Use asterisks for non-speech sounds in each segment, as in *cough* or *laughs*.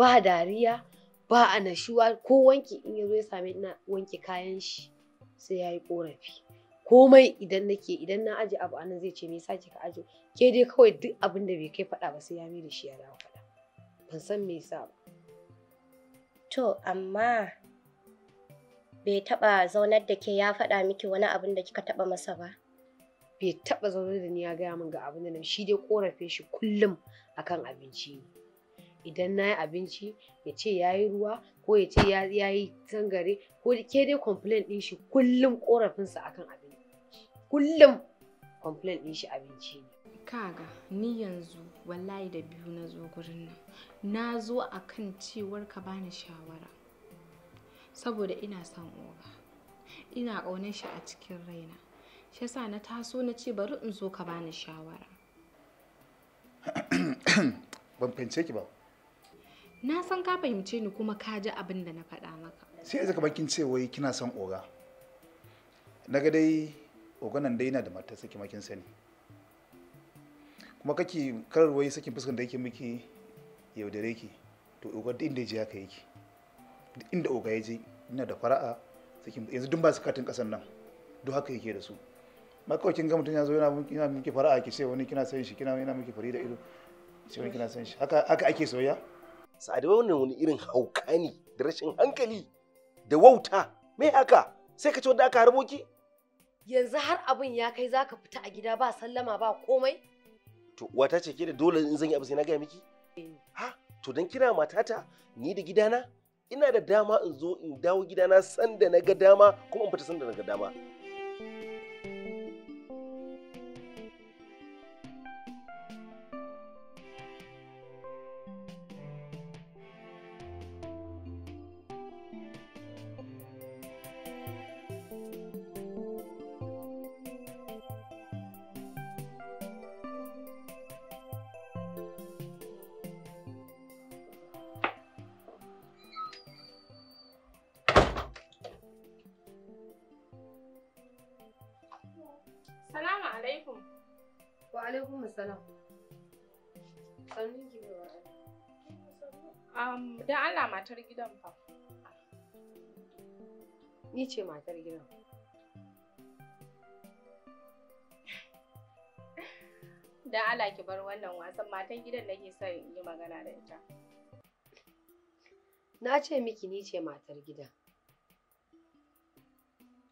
ba dariya ba annashuwa ko wanki in ya zo ya same ina wanke kayan shi sai ya yi ƙorafi komai idan nake idan na aje abu anan zai ce me yasa kika aje ke dai kawai duk abin da bai kai faɗa ba sai ya mai da shi ya dawo faɗa ban san me yasa ba to amma bai taɓa zaunar da ke ya faɗa miki wani abin da kika taɓa masa ba bai taɓa zaunar da ni ya gaya min ga abin da shi dai ƙorafin shi kullum akan abinci ne idan na yi abinci ya ce ya yi ruwa ko ya ce ya yi tangare ko ke dai complain ɗin shi kullum ƙorafinsa akan abinci kullum complain ɗin shi abinci ne kaga ni yanzu wallahi da biyu na zo gurin nan na zo a kan cewar ka bani shawara saboda ina son oga ina ƙaunar shi a cikin raina shi yasa na taso na ce bari in zo ka bani shawara *coughs* ban fahimce ki ba na san ka fahimce ni kuma ka ji abin da na faɗa maka sai zaka bakin ce wai kina son oga Na ga dai oga nan dai yana da matar saki makin sani kuma kake karar wai sakin fuskan da yake miki yaudare ki to oga duk inda ya je haka yake duk inda oga ya je ina da fara'a sakin yanzu duk ba su katin kasan nan duk haka yake da su makawacin ga mutum ya zo yana miki fara'a ki ce wani kina son shi kina yana miki fari da ido ce wani kina son shi haka ake soyayya sa'adu wannan wani irin hauka ne da rashin hankali da wauta me haka sai ka ci wanda aka harboki yanzu har abin ya kai zaka fita a gida ba sallama ba komai to wata ce ke da dole in zan yi abu sai na gaya miki eh. ha to dan kira matata ni da gidana ina da dama in zo in dawo gidana sanda na ga dama kuma in fita sanda na ga dama Wa alaikum salam. Sannin ki bai wa Um, dan Allah matar gidan fa. Ni ce matar gidan. *laughs* Dan Allah ki bar wannan wasan matan gidan nake son in yi magana da ita. Na ce miki ni ce matar gidan.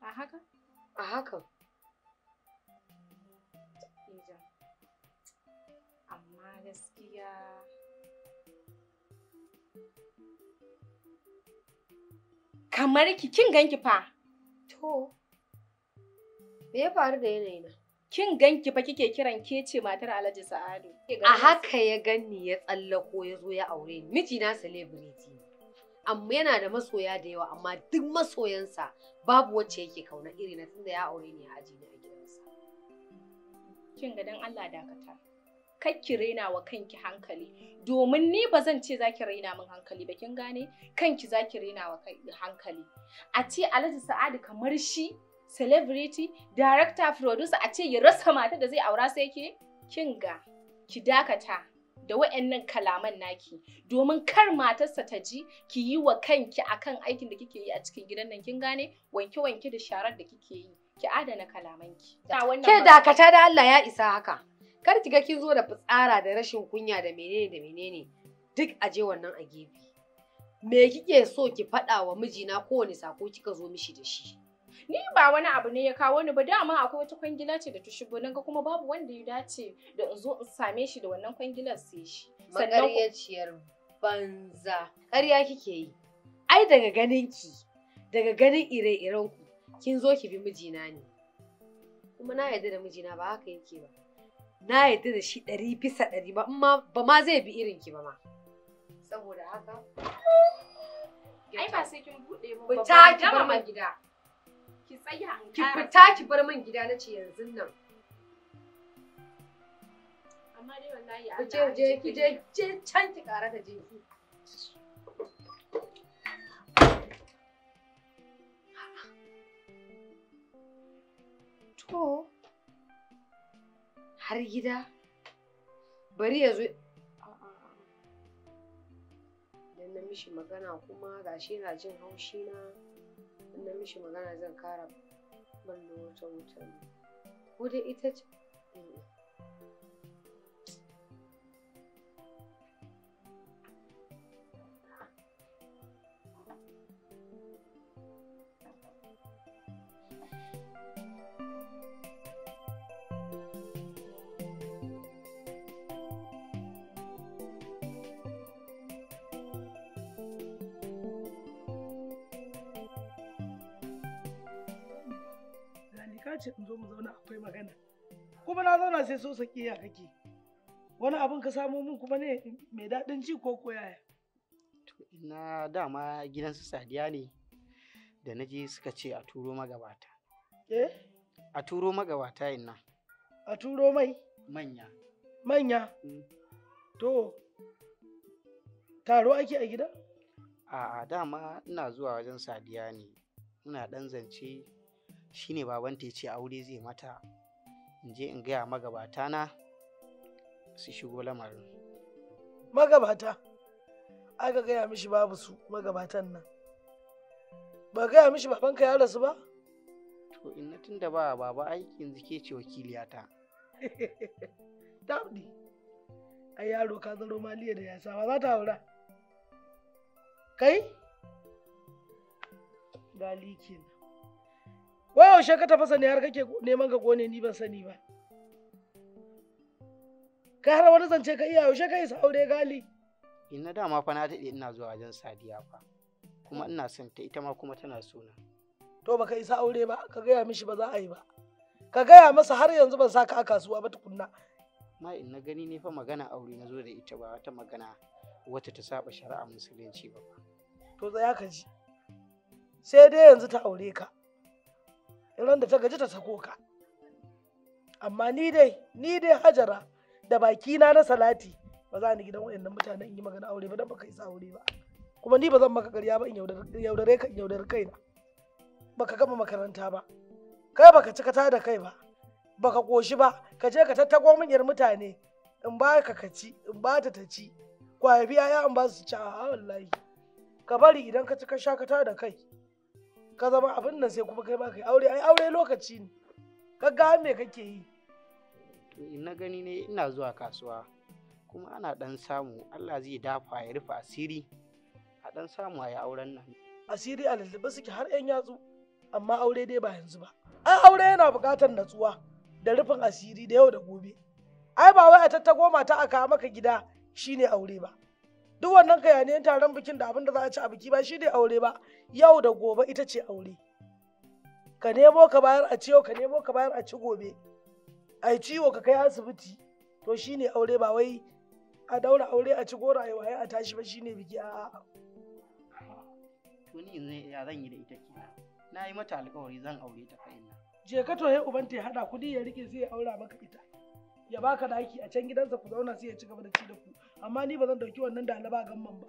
A haka? A hakan. a kamar ki kin ganki fa to me ya faru da yanayin na kin ganki fa kike kiran ke ce matar Alhaji Sa'adu a haka ya ganni ya tsallako ya zo ya aure ni miji na celebrity amma yana da masoya da yawa amma duk masoyansa babu wacce yake kauna irin na tunda ya aure ni a aji na a gidansa kin ga dan Allah dakata ki raina wa kanki hankali domin ni ba zan ce zaki raina min hankali ba kin gane kanki zaki raina wa hankali a ce Alhaji Sa'adu kamar shi celebrity director producer a ce ya rasa mata da zai aura sai yake kin ga ki dakata da wa'annan kalaman naki domin kar matarsa ta ji ki yi wa kanki akan aikin da kike yi a cikin gidan nan kin gane wanke wanke da sharar da kike yi ki adana kalamanki ke dakata da Allah ya isa haka kar ki ga kin zo da fitsara da rashin kunya da menene da menene duk a je wannan a gefe me kike so ki faɗa wa mijina kowane sako kika zo mishi da shi ni ba wani abu ne ya kawo ni ba dama akwai wata kwangila ce da ta shigo nan ga kuma babu wanda ya dace da in zo in same shi da wannan kwangilar sai shi maƙaryaciyar banza ƙarya kike yi ai daga ganin ki daga ganin ire-iren kin zo ki bi mijina ne kuma na yarda da mijina ba haka yake ba na yadda da shi ɗari bisa ɗari ba ba ma zai bi irin ki ba ma saboda haka ai ba sai kin buɗe mu ba ki bar man gida ki tsaya an ki fita ki bar man gida na ce yanzu nan amma dai wallahi Allah je je ki je je can ki ƙara har gida bari ya zo idan na mishi magana kuma gashi yana jin haushi na in na mishi magana zan kara ban da wata ko dai ita ce eh. dace in zo mu zauna akwai magana kuma na zauna sai so saki ya kake wani abin ka samo mun kuma ne mai daɗin ji ko ko yaya to ina dama gidan su sadiya ne da na je suka ce a turo magabata eh a turo magabata ina a turo mai manya manya mm. to taro ake a gida a dama ina zuwa wajen sadiya ne Ina ɗan zance shine babanta ya ce aure zai mata in je in gaya magabata na su shigo lamarin magabata aka gaya mishi babu su magabatan nan ba gaya mishi babanka ya rasu ba to inna tun da ba baba aikin ke ce wakiliyata daudi *laughs* a yaro ka zaro maliya da yasa ba za ta haura kai galikin. Ko yaushe ka tafasa ne har kake neman ka kone ni ban sani ba. Kai har wani zance ka iya yaushe kai aure gali. na dama fa na daɗe ina zuwa wajen Sadiya fa. Kuma ina son ta ita ma kuma tana suna To baka isa aure ba ka gaya mishi ba za a yi ba. Ka gaya masa har yanzu ban saka a kasuwa ba tukunna. Ma in na gani ne fa magana aure na zo da ita ba wata magana wata ta saba shari'a musulunci ba. To tsaya ka ji. Sai dai yanzu ta aure ka. ran da ta gaji ta sako ka amma ni dai ni dai hajara da baki na na salati ba za ni gidan wayannan mutanen in yi magana aure ba dan baka isa aure ba kuma ni ba zan maka ƙarya ba in yaudare ka in yaudare kaina baka gama makaranta ba kai baka cika ta da kai ba baka koshi ba ka je ka tattako min yar mutane in ba ka kaci in ba ta ta ci biya ya in ba su ci a wallahi ka bari idan ka cika shakata da kai ka zama abin nan sai kuma kai ba kai aure ai aure lokaci ne Ka ga me kake yi na gani ne ina zuwa kasuwa kuma ana dan samu Allah zai dafa ya rufe asiri a dan samu a auren nan asiri a lalluba suke har yan yatsu amma aure dai ba yanzu ba ai aure yana bukatar natsuwa da rufin asiri da yau da gobe ai ba wai a tattago mata a kawo maka gida shine aure ba duk wannan kayaniyan taron bikin da abin da za a ci a biki ba shi ne aure ba yau da gobe ita ce aure ka nemo ka bayar a ciwo, yau ka nemo ka bayar a ci gobe a ciwo ka kai asibiti to shi ne aure ba wai a daura aure a ci gora a waye a tashi ba shi ne biki a a ni yanzu ya zan yi da ita na yi mata alkawari zan aure ta kai na je ka toye uban ta hada kudi ya rike sai ya aura maka ita ya baka daki a can gidansa ku zauna sai ya ci gaba da ci da ku amma ni ba zan dauki wannan da alaba gamman ba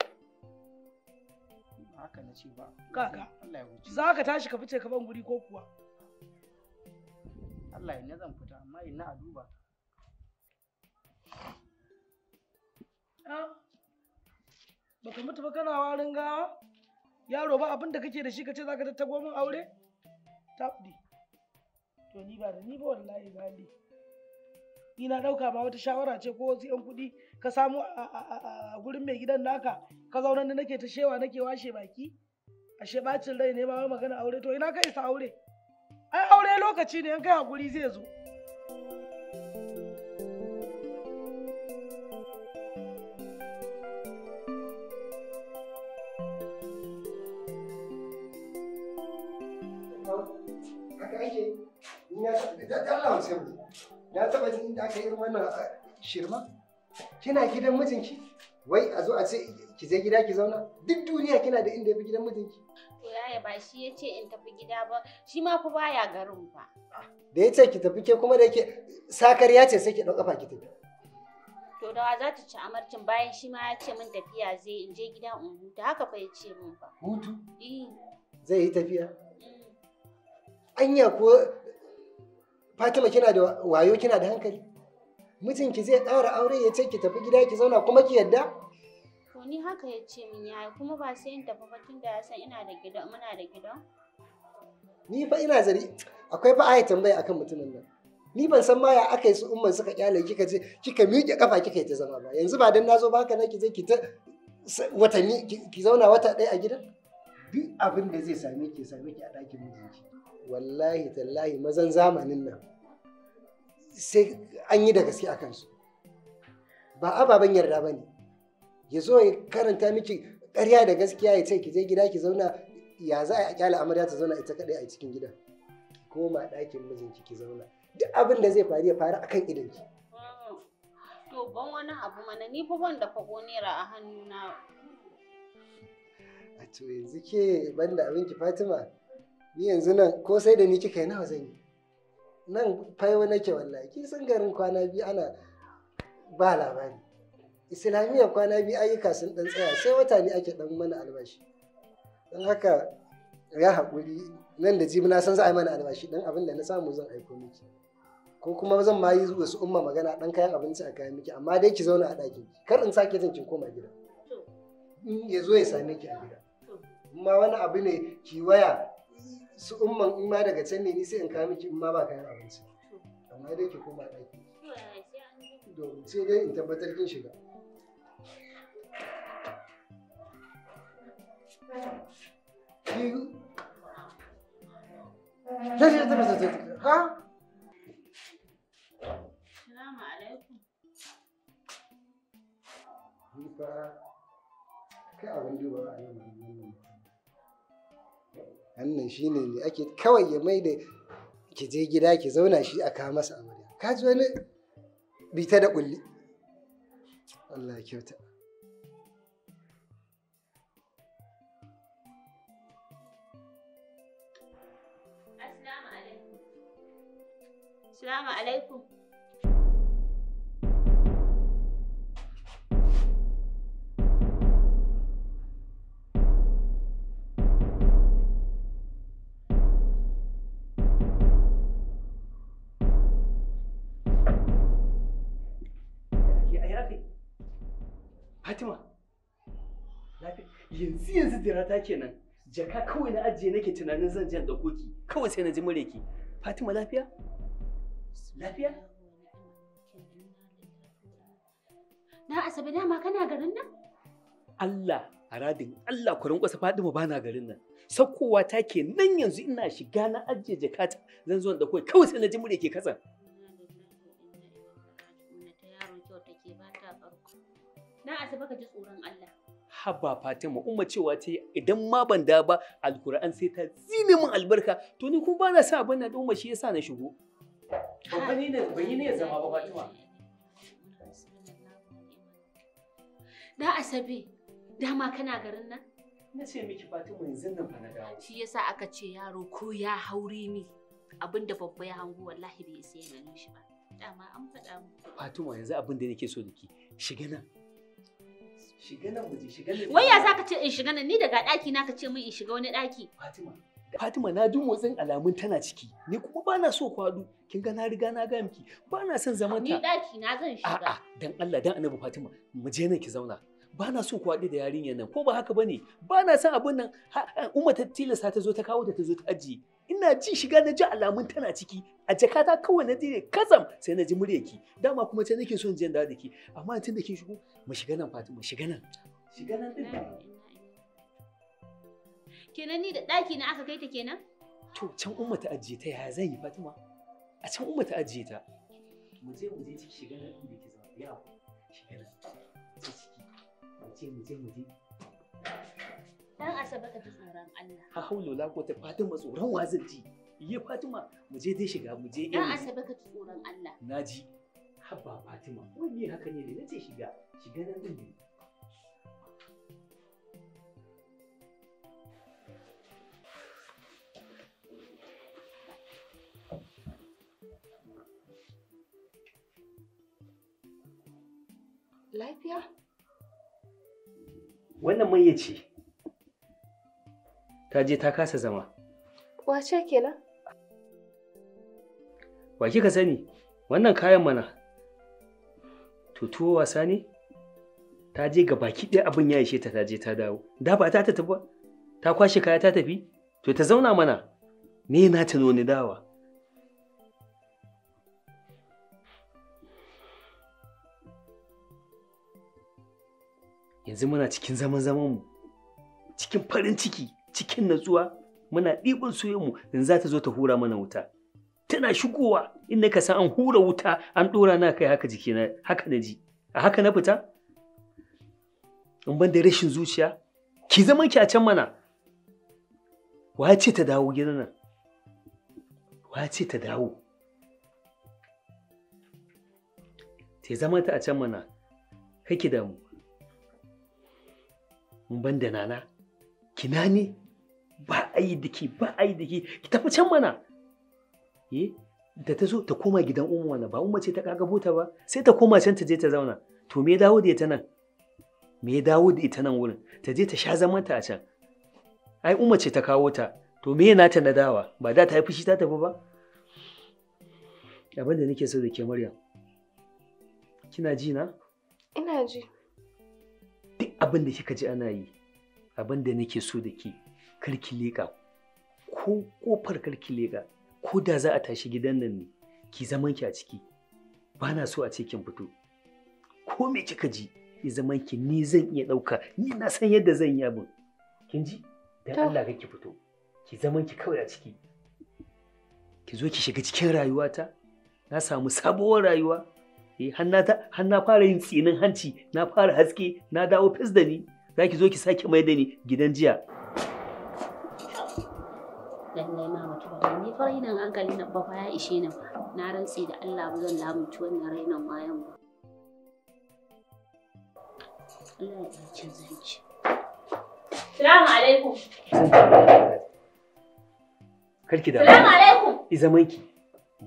haka na ce ba kaka za ka tashi ka fice ka ban guri ko kuwa Allah ya zan fita amma ina a duba ah, baka mutu ba kana warin gawa yaro ba abin da kake da shi kace zaka tattago min aure tabdi to ni ba da ni ba wallahi gali ni na dauka ba wata shawara ce ko wasu yan kudi. ka samu a gurin mai gidan naka ka zaunar da nake ta shewa nake washe baki ashe bacin rai ne ba wai magana aure to ina ka isa aure ai aure lokaci ne in kai hakuri zai zo ya taɓa jin da aka yi wannan shirma Kina gidan mijinki? Wai a zo a ce ki je gida ki zauna? Duk duniya kina da inda ya fi gidan mijinki? To yaya ba shi ya ce in tafi gida ba, shi ma fa baya garin ba. Da ya ce ki tafi ke kuma da yake sakar ya ce sai ki dau kafa ki tafi. To da wa za ta ci amarcin bayan shi ma ya ce min tafiya zai in je gida in huta haka fa ya ce min fa. Hutu? Eh. Zai yi tafiya? Mm. Anya ko Fatima kina da wayo kina da hankali? mijinki zai ƙara aure ya ce ki tafi gida ki zauna kuma ki yadda? To ni haka ya ce min ya kuma ba sai in tafi batun da ya san ina da gida muna da gida. Ni fa ina zari akwai fa ayi tambaya akan mutumin nan. Ni ban san ma ya aka yi su umman suka kyale kika ce kika miƙe kafa kika yi ta zama ba. Yanzu ba dan nazo ba haka ki je ki ta watanni ki zauna wata ɗaya a gidan. Duk abin da zai same ki same ki a ɗakin mijinki. Wallahi tallahi mazan zamanin nan. sai an yi da gaske a kansu ba ababen yarda ba ne ya zo ya karanta miki karya da gaskiya ya ce ki je gida ki zauna ya za a kyala amarya ta zauna ita kaɗai a cikin gida koma ɗakin mijinki ki zauna duk abin da zai faru ya faru akan idonki. to ban wani abu mana ni fa ban da fago a hannuna a to yanzu ke ban da abinki fatima ni yanzu nan ko sai da ni kika yi nawa zan yi nan faiwa nake wallahi ki san garin kwana biyu ana ba labari islamiyya kwana biyu ayyuka sun dan tsaya sai wata ne ake dan mana albashi don haka ya haƙuri nan da jibi na san za a yi mana albashi dan abin da na samu zan aiko miki ko kuma zan ma yi wasu umma magana dan kayan abinci a kayan miki amma dai ki zauna a ɗakin kar in sake zan ki koma gida in ya zo ya same ki a gida ma wani abu ne ki waya su umman in ma daga can ne ni sai in kawo miki in ma ba kayan abinci amma dai ki koma ɗaki domin sai dai in tabbatar kin shiga ha Salamu alaikum. Ni fa kai abin duba a yau wannan shine ne ake kawai ya mai da ki je gida ki zauna shi a kawo masa amarya ka ji wani bita da kulli Allah ya kyauta Assalamu alaikum. Assalamu alaikum. dira kenan jaka kawai na ajiye nake tunanin zan jan dauko kawai sai na ji mureki. Fatima lafiya lafiya na asabe dama kana garin nan Allah a radin Allah ku rinkwasa Fatima bana garin nan sakkowa ta ke nan yanzu ina shiga na ajiye jakata zan zo da kai kawai sai na ji mureki ke na asabe ka ji tsoron Allah haba Fatima umma cewa ta idan ma ban da ba alkur'an sai ta zini min albarka to ni kuma bana sa abin nan umma shi yasa na shigo babba ne ne bai ne zama ba Fatima da asabe dama kana garin nan na ce miki Fatima yanzu nan fa na dawo shi yasa aka ce yaro ko ya haure ni abinda babba ya hango wallahi bai sai ya gani shi ba dama an faɗa mu Fatima yanzu abin da nake so da ki shiga nan Shiga nan waje, shiga nan. ka ce in shiga nan ni daga daki na ka ce min in shiga wani ɗaki. Fatima, Fatima na ji motsin alamun tana ciki, ni kuma ba na so kwado kin ga na riga na ga miki, ba na son zaman ta. Ni daki na zan shiga. A'a, dan Allah dan Annabi Fatima, mu je nan ki zauna. Ba na so kwaɗi da yarinyar nan, ko ba haka bane? Ba na son abin nan, Umma ta tilasta ta zo ta kawo ta ta zo ta ajiye. ina ji shiga na ji alamun tana ciki a jakata kawai na dire kazam sai na ji murya ki dama kuma sai nake son jin da ki amma tun da ke shigo mu shiga nan fatu mu shiga nan shiga nan din kenan ni da daki na aka kai ta kenan to can umma ta ajiye ta yaya zan yi fatima a can umma ta ajiye ta mu je mu je ciki shiga nan da ke zama yawa? shiga nan ciki mu je mu je mu je Dan Asabe ka ji tsoron Allah. Ha haulu la ko ta Fatima tsoron wa zan ji. Iye Fatima mu je dai shiga mu je. Dan Asabe ka ji tsoron Allah. Na ji. Habba Fatima wai me haka ne ne nace shiga shiga nan din ne. Lafiya? Wannan mai ya ce, ta je ta kasa zama. Wace kenan? Wa kika sani wannan kayan mana tutuwa wasa ne? Ta je ga baki ɗaya abin ya ishe ta ta je ta dawo. Da ba ta tafi ta kwashe kaya ta tafi, to ta zauna mana. Me na ta noni dawa? Yanzu muna cikin zaman zamanmu, cikin farin ciki. cikin natsuwa muna ɗiban soyayyarmu in za ta zo ta hura mana wuta tana shigowa in ka san an hura wuta an ɗora na kai haka na haka na ji a haka na fita in ban da rashin zuciya ki zama ki a can mana wa ce ta dawo gidan nan wa ce ta dawo ta zama ta a can mana kake damu in ban da nana kina ne ba a yi diki, ba a yi diki. ki tafi can mana eh da ta zo ta koma gidan umma na ba umma ce ta kaga bota ba sai ta koma can ta je ta zauna to me dawo da ita nan me dawo da ita nan wurin ta je ta sha zaman ta a can ai umma ce ta kawo ta to me yana ta na dawa ba da ta yi fushi ta tafi ba abin da nake so da ke Maryam kina ji na ina ji duk abin da kika ji ana yi abin da nake so da ke karki leƙa ko ƙofar karki leƙa ko da za a tashi gidan nan ne ki zaman ki a ciki ba na so a ce kin fito ko me kika ji ki zaman ki ni zan iya ɗauka ni na san yadda zan yi abin kin ji dan Allah ki fito ki zaman ki kawai a ciki ki zo ki shiga cikin rayuwata na samu sabuwar rayuwa eh har na fara yin tsinin hanci na fara haske na dawo fes da ni za ki zo ki sake mai da ni gidan jiya haka ni farai nan hankali na ba ya ishe ni ba na rantse da Allah ba zan lamunci wannan rainan wayan ba Allah ya zanci Assalamu alaikum Karki da Assalamu alaikum I zaman ki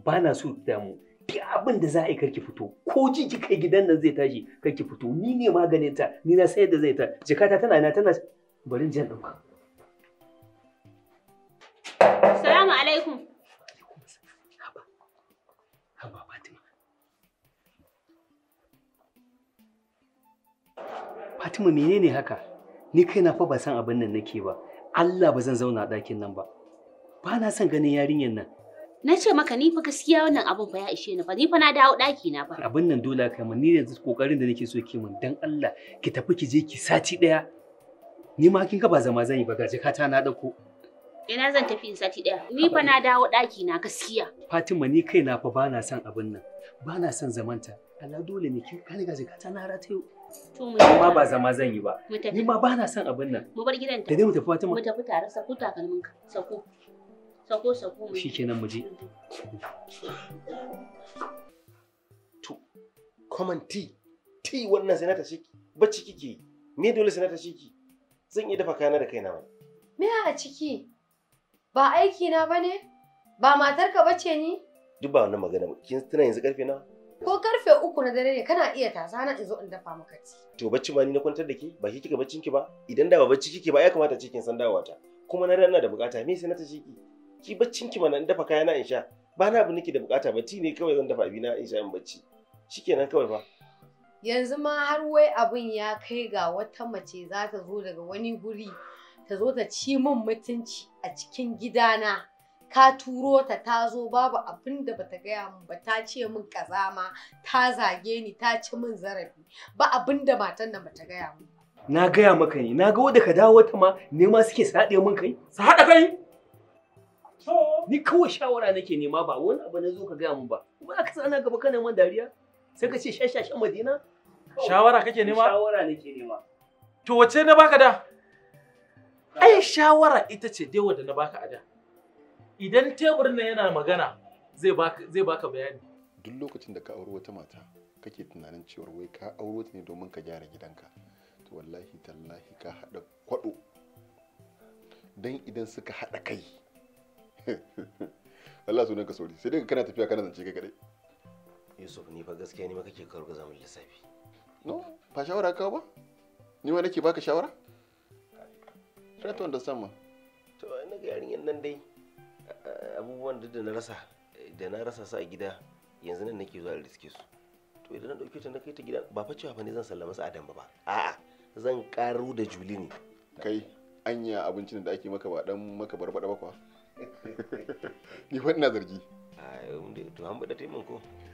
ba na so damu duk abin da za a yi karki fito ko ji ki kai gidan nan zai tashi karki fito ni ne maganin ni na sayar da zai ta jikata tana na tana barin jan ɗauka. Fatima menene haka? Ni kaina fa ba san abin nan nake ba. Allah ba zan zauna a ɗakin nan ba. Ba na son ganin yarinyar nan. Na ce maka ni fa gaskiya wannan abin fa ya ishe ni fa ni fa na dawo ɗaki na ba. Abin nan dole kai mun ni ne kokarin da nake so ke mun dan Allah ki tafi ki je ki sati ɗaya. Ni ma kin ga ba zama zan yi ba gaje kata na ɗauko. Ina zan tafi in sati ɗaya. Ni fa na dawo ɗaki na gaskiya. Fatima ni kai na fa ba na son abin nan. Ba na son zamanta. Allah dole ne kin ka riga jikata na ratayo. amma ba zama zan yi ba ni ma ba na son abin nan mu bar gidan ta Da dai mu tafi Fatima mu tafi tare sako takalmin ka sako sako sako mu shikenan mu je to common tea tea wannan sai na ta tashi bacci kike me dole sai na ta shiki. zan iya dafa kayana da kaina ba me a ciki ba aiki na bane ba matarka bace ni duk ba wannan magana kin tuna yanzu karfe nawa? Ko karfe uku na dare ne kana iya tasa na in zo in dafa maka ci. To bacci ba ni na kwantar da ke ba ki kika baccin ki ba idan da ba bacci kike ba ya kamata ci kin san dawowa ta kuma na ranar da bukata me sai na ta ki ki baccin ki mana in dafa kaya na in sha ba na abu nake da bukata bacci ne kawai zan dafa abina in sha in bacci shikenan kawai fa. Yanzu ma har wai abin ya kai ga wata mace za ta zo daga wani guri ta zo ta ci min mutunci a cikin gidana. ka turo ta ta zo babu abin da bata gaya min ba ta ce min kaza ma ta zage ni ta ci min zarafi ba abin da matan nan bata gaya min na gaya maka ne na ga wadda ka dawo ta ma ne ma suke saɗe haɗe min kai su haɗa kai ni kawai shawara nake nema ba wani abu na zo ka gaya min ba kuma aka sa ana gaba kana man dariya sai ka ce shashashan madina shawara kake nema shawara nake nema to wace na baka da ai shawara ita ce dai wanda na baka a da idan teburin nan yana magana zai baka zai baka bayani duk lokacin da ka auri wata mata kake tunanin cewa wai ka auri ta ne domin ka gyara gidanka to wallahi tallahi ka hada kwado dan idan suka hada kai *laughs* Allah sunan ka sauri sai dai kana tafiya kana zance kai kadai Yusuf ni fa gaskiya ni ma kake karɓar zamun lissafi no ba shawara ka ba ni ma nake baka shawara try to understand ma to ina ga yarinyar nan dai abubuwan da na rasa da na rasa su a gida yanzu nan nake zuwa da riske su to idan na dauke ta na kai ta gida ba fa cewa ne zan sallama su adam ba ba a'a zan karu da juli ne kai anya abincin da ake maka ba dan maka barbada ba kwa *laughs* ni wannan zargi a to an bada taimako. ko